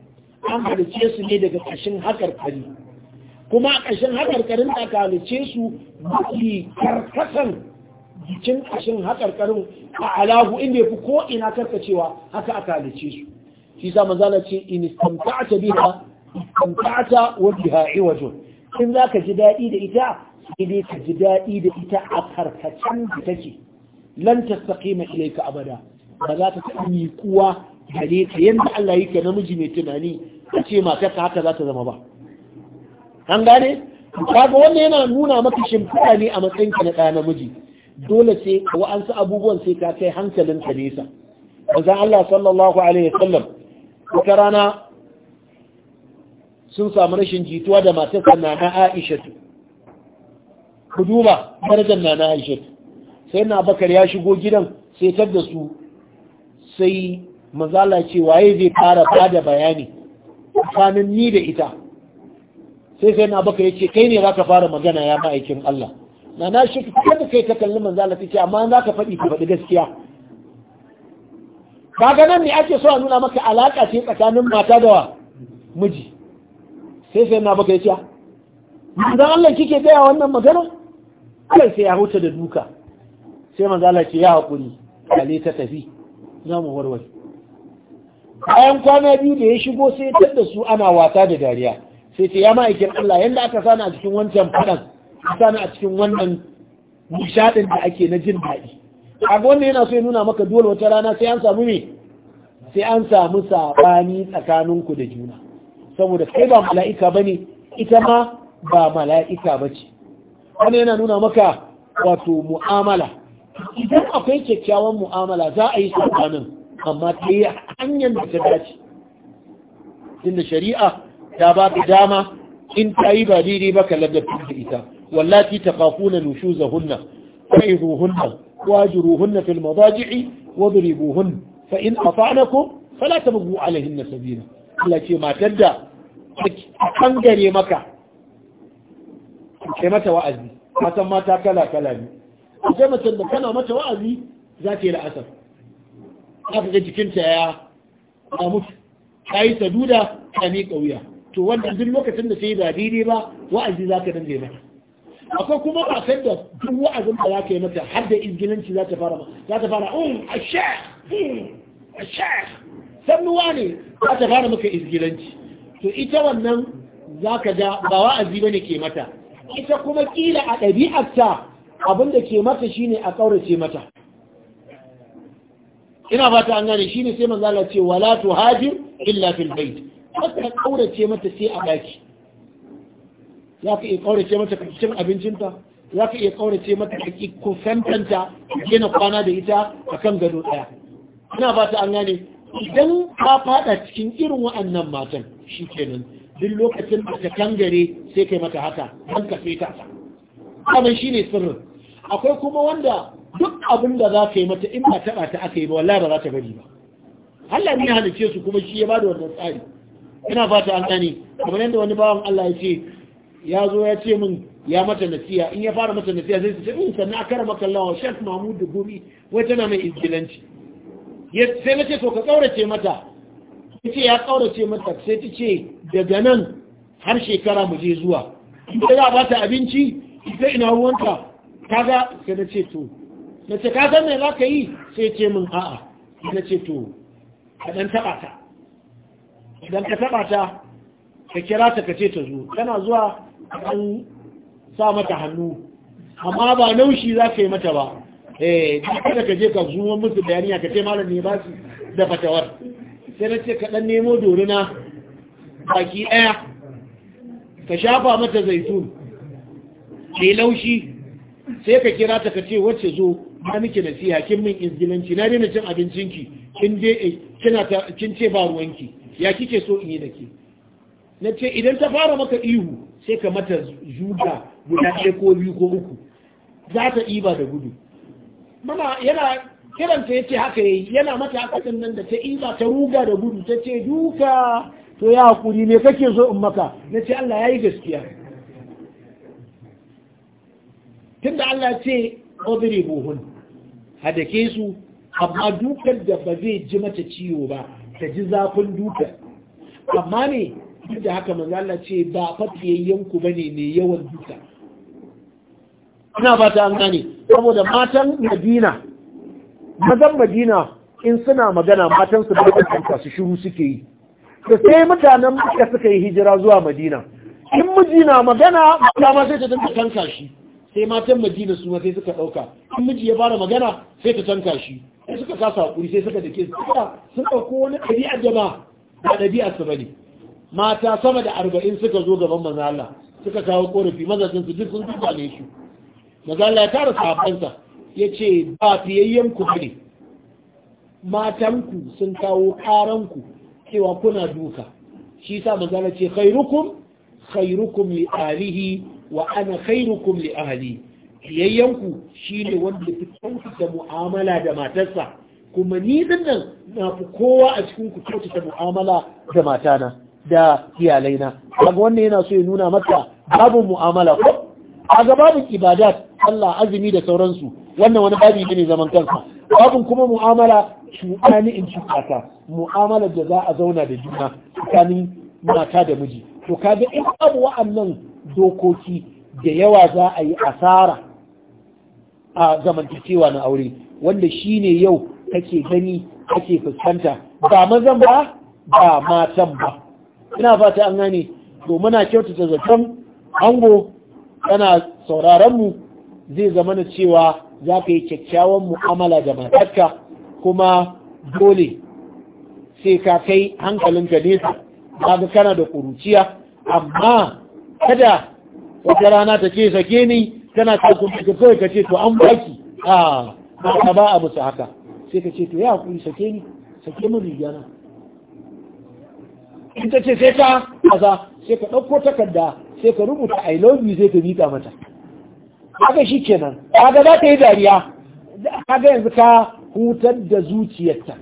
an halice su ne daga kashin hakar kari kuma kashin hakar karin da ka halice su mafi karkasan jikin kashin hakar karin a alahu inda yafi ko ina karkacewa haka aka halice su shi sa manzo Allah ce in istamta'ta biha istanta'ata wa biha iwajun in zaka ji daɗi da ita sai dai ka ji daɗi da ita a karkacin da take lan tastaqima ilaika abada ba za ta taɓa yi gare ka yanda Allah yake namiji mai tunani a ce matarka haka za ta zama ba an gane kaga wannan yana nuna maka shimfiɗa ne a matsayin ka na namiji dole sai wa'ansu abubuwan sai ka kai hankalin nesa manzon Allah sallallahu alaihi wasallam wata rana sun samu rashin jituwa da matarsa nana aishatu ku duba na na aishatu sai na bakar ya shigo gidan sai tar da su sai mazala ce waye zai fara bada bayani tsakanin ni da ita sai sai na bakar ya ce kai ne za ka fara magana ya ma'aikin Allah na na shi kada kai ta kalli manzala ta ce amma za ka faɗi ka faɗi gaskiya Ba ganin ne ake so a nuna maka alaƙa ce tsakanin mata da miji sai sai na baka yace Maza Allah kike tsaya wannan magana Allah sai ya huta da duka sai maza Allah ce ya haƙuri kale ta tafi za mu warware bayan kwana biyu da ya shigo sai ya da su ana wasa da dariya sai ce ya ma'aikin Allah Yadda aka sani a cikin wancan faɗan, aka sani a cikin wannan nishaɗin da ake na jin daɗi kaga wanda yana so ya nuna maka dole wata rana sai an samu me sai an samu saɓani tsakaninku da juna saboda kai ba mala'ika bane ita ma ba mala'ika ba ce. wani yana nuna maka wato mu'amala idan akwai kyakkyawan mu'amala za a yi tsakanin amma ta yi hanyar da ta dace tunda shari'a ta ba ta dama in ta yi ba daidai ba kallar da ita wallati ta na nushuzahunna fa'izuhunna in a المضاجع واضربوهن فإن أطعنكم فلا تبغوا عليهن سبيلا التي matar da. a kangare maka kai mata wa'azi matan mata kala kala ne akwai macen da kana mata wa'azi za ta yi la'asar za ka ga jikinta ya mutu ta yi saduda ta miƙa wuya to wannan duk lokacin da sai ba daidai ba wa'azi za ka dinga mata akwai kuma matar da duk wa'azin da za ka yi mata har da izgilanci za ta fara za ta fara um a shekh a shekh sannuwa ne za ta fara maka izgilanci to ita wannan za ka ga ba wa'azi ba ne ke mata ita kuma kila a ɗabi'arta abin da ke mata shine a ƙaurace mata ina ta an gane shi ne sai man zala ce wala hajir, illa fil bait ka ƙaurace mata sai a daki za ka iya ƙaurace mata cikin abincinta za ka iya ƙaurace mata ka ki kusantanta gina kwana da ita a kan gado ɗaya ina ta an gane idan ka fada cikin irin wa'annan matan shi kenan duk lokacin da ta tangare sai kai mata haka don ka feta ta kamar shi ne sirrin akwai kuma wanda duk abin da za ka yi mata in ba taɓa ta aka yi ba wallahi ba za ta bari ba Allah ne halice su kuma shi ya bada wannan tsari ina fata an gane kamar yadda wani bawan Allah ya ce ya zo ya ce min ya mata nasiya in ya fara mata nasiya sai su ce in hmm, sannan a kara maka Allah wa Sheikh Mahmud Gumi wai tana mai injilanci sai na ce to ka ƙaurace mata ya ce ya ƙaurace mata sai ta ce daga nan har shekara mu je zuwa ba za ba ta abinci ita ina ruwanta ga sai na ce to na ce ka san za ka yi sai ce min a'a na ce to ka taɓa ta idan ka taɓa ta ka kira ta ka ce ta zo tana zuwa an sa mata hannu amma ba naushi za ka yi mata ba eh kada ka je ka zuwa musu bayaniya ka ce malam ne ba su da fatawar sai na ce ka dan nemo dorina baki daya ka shafa mata zaitun ke laushi sai ka kira ta ka ce wacce zo na miki nasiha kin min izgilanci na daina cin abincinki kin je eh, kina ta kin ce ba ruwanki ya kike so in yi da ke na ce idan ta fara maka ihu sai ka mata zuga guda ɗaya ko biyu ko uku za ta iba da gudu mana yana kiranta yace haka yi. yana mata haka din nan da ta iza ta ruga da gudu ta ce duka to ya hakuri me kake zo in maka ce Allah ya yi gaskiya tunda Allah ce Buhun, hadake su amma dukar da ba zai ji mata ciwo ba ta ji zafin duka. amma ne duk da haka manzo ce ba fatiyayyen ku bane ne yawan duka ina ba ta gane saboda matan madina mazan madina in suna magana matan su ba ta su shiru suke yi da sai mutanen maka suka yi hijira zuwa madina in miji na magana ba ma sai ta tanka tanka shi sai matan madina su sai suka dauka in miji ya fara magana sai ta tanka shi sai suka kasa hakuri sai suka dake suka sun dauko wani ɗabi'a da ba ɗabi'a su bane mata sama da arba'in suka zo gaban manzo Allah suka kawo korafi mazajin su duk sun tuba ne shi maza Allah ya tara sahabbansa ya ce ba fiyayyen ku bane matanku sun kawo karanku cewa kuna duka shi sa maza Allah ce khairukum khairukum li alihi wa ana khairukum li ahli fiyayyen shine wanda fi da mu'amala da matarsa kuma ni din nan na fi kowa a cikin ku da mu'amala da matana da iyalaina kaga wannan yana so ya nuna mata, babu mu'amala ko a babu ibadat Allah azumi da sauransu wannan wani babi ne zaman kansa babin kuma mu'amala cuɗani in cuɗata mu'amala da za a zauna da juna tsakanin mata da miji to kaga in abu wa'annan dokoki da yawa za a yi asara a zamantakewa na aure wanda shi ne yau kake gani kake fuskanta ba mazan ba ba matan ba ina fata an gane to muna kyautata zaton ango tana sauraron mu zai zama na cewa za ka yi kyakkyawan mu'amala da matarka kuma dole sai ka kai hankalinka nesa kaga kana da kuruciya amma kada wata rana ta ce sake ni tana ta kuma kawai ka ce to an baki a ba ba a musu haka sai ka ce to ya kuri sake ni sake min rigana in ta ce sai ka kaza sai ka ɗauko takarda sai ka rubuta i love you sai ka miƙa mata haka shi kenan haka za ta yi dariya haka yanzu ka hutar da zuciyarta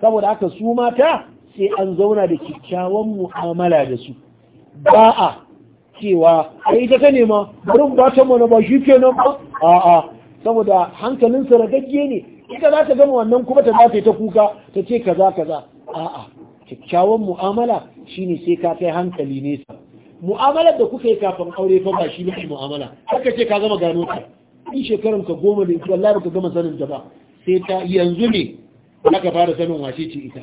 saboda haka su mata sai an zauna da kyakkyawan mu'amala da su ba a cewa a ita ta nema burin ba ta mana ba shi kenan ba a'a saboda hankalinsa ragagge ne ita za ta gama wannan kuma ta za ta yi ta kuka ta ce kaza kaza a'a kyakkyawan mu'amala shine sai ka kai hankali nesa mu'amalar da kuka yi kafin aure fa ba shi ne mu'amala haka ce ka gama gano ka in shekarun ka goma ne Allah baka gama sanin ta ba sai ta yanzu ne aka fara sanin wace ce ita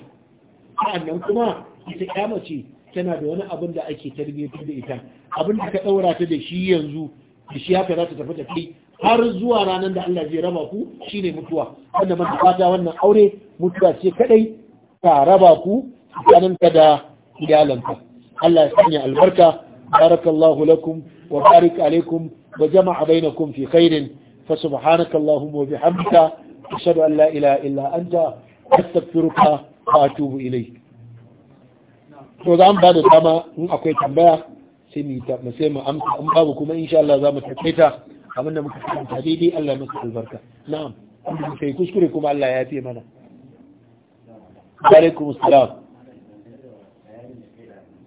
sa'annan kuma ita ya mace tana da wani abin da ake tarbiyyar da ita abin da ka daura ta da shi yanzu da shi haka za ta tafi da kai har zuwa ranar da Allah zai raba ku shine mutuwa wanda ban fata wannan aure mutuwa ce kadai ka raba ku ka da iyalanka Allah ya sanya albarka barakallahu lakum wa barik alaikum wa jama'a bainakum fi khairin fa subhanaka allahumma wa bihamdika ashhadu an la wa atubu dama in akwai tambaya sai mu ta sai kuma insha ya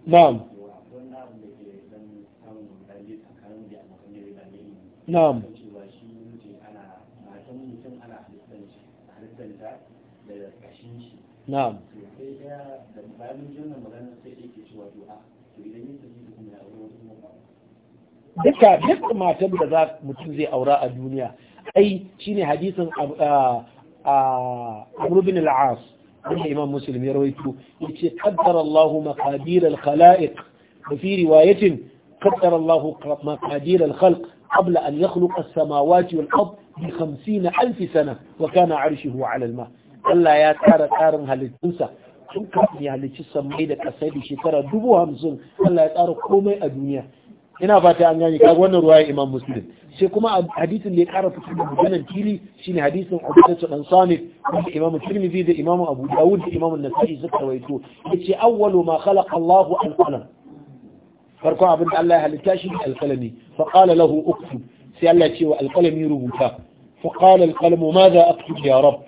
mana نعم نعم دكا دكا ما تبدا ذا متين اوراء الدنيا اي شيني حديث آه، آه، عمرو بن العاص الامام مسلم يرويته يقول قدر الله مقادير الخلائق وفي روايه قدر الله مقادير الخلق Kabla قبل أن يخلق السماوات والأرض بخمسين ألف سنة وكان عرشه على الماء Allah ya tsara tsarin halittunsa tun kafin ya halicci sammai da ƙasai da shekara dubu hamsin Allah ya tsara komai a duniya ina fata an gane kaga wannan ruwaya Imam Muslim sai kuma hadisin da ya ƙara fito da maganar fili shine hadisin Abu dan Samit da Imam Tirmidhi da imamin Abu Dawud da Imam Nasa'i suka rawaito yace awwalu ma khalaqa Allahu al farkon abin da Allah ya halitta shi alqalami fa qala lahu uktub sai Allah ce wa alqalami rubuta fa qala alqalamu madha aktub ya rab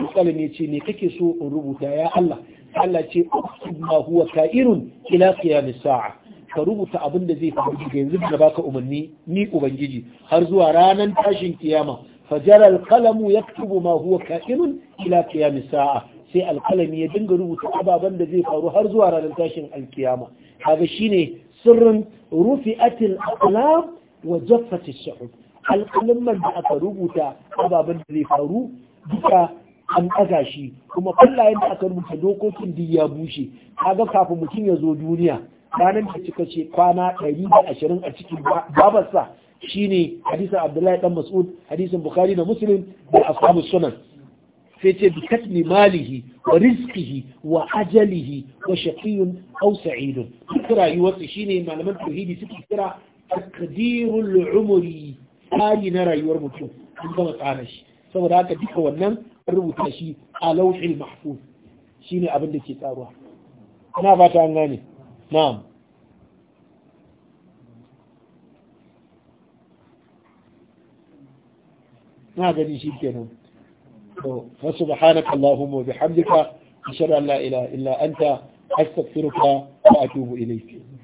alqalami ya ce me kake so in rubuta ya Allah Allah ce uktub ma huwa ka'irun ila qiyam as-sa'a ka rubuta abin da zai faru daga yanzu da baka umarni ni ubangiji har zuwa ranar tashin kiyama fajar alqalamu yaktubu ma huwa ka'irun ila qiyam as-sa'a sai alqalami ya dinga rubuta ababen da zai faru har zuwa ranar tashin alkiyama kaga shine sirrin Atil aqlam wa jaffati shuhub alƙalimman da aka rubuta ababen da zai faru duka an ɗaga shi kuma kullayen da aka rubuta dokokin duk ya bushe kaga kafin mutum ya zo duniya ranar da cika ce kwana ɗari da ashirin a cikin babarsa shine hadisin abdullahi dan mas'ud hadisin bukhari da muslim da ashabu sunan sai ce bi katmi malihi wa rizqihi wa ajalihi wa shaqiyun aw sa'idun duk rayuwarsa shine malaman tauhidi suke kira takdirul umri tsari na rayuwar mutum an gama tsara shi saboda haka duka wannan an rubuta shi a lauhil mahfuz shine abin da ke tsaruwa ina fata an gane na'am na gani shi kenan wa subhanaka allahumma bihamdika ashhadu an la ilaha illa anta astaghfiruka atubu ilayk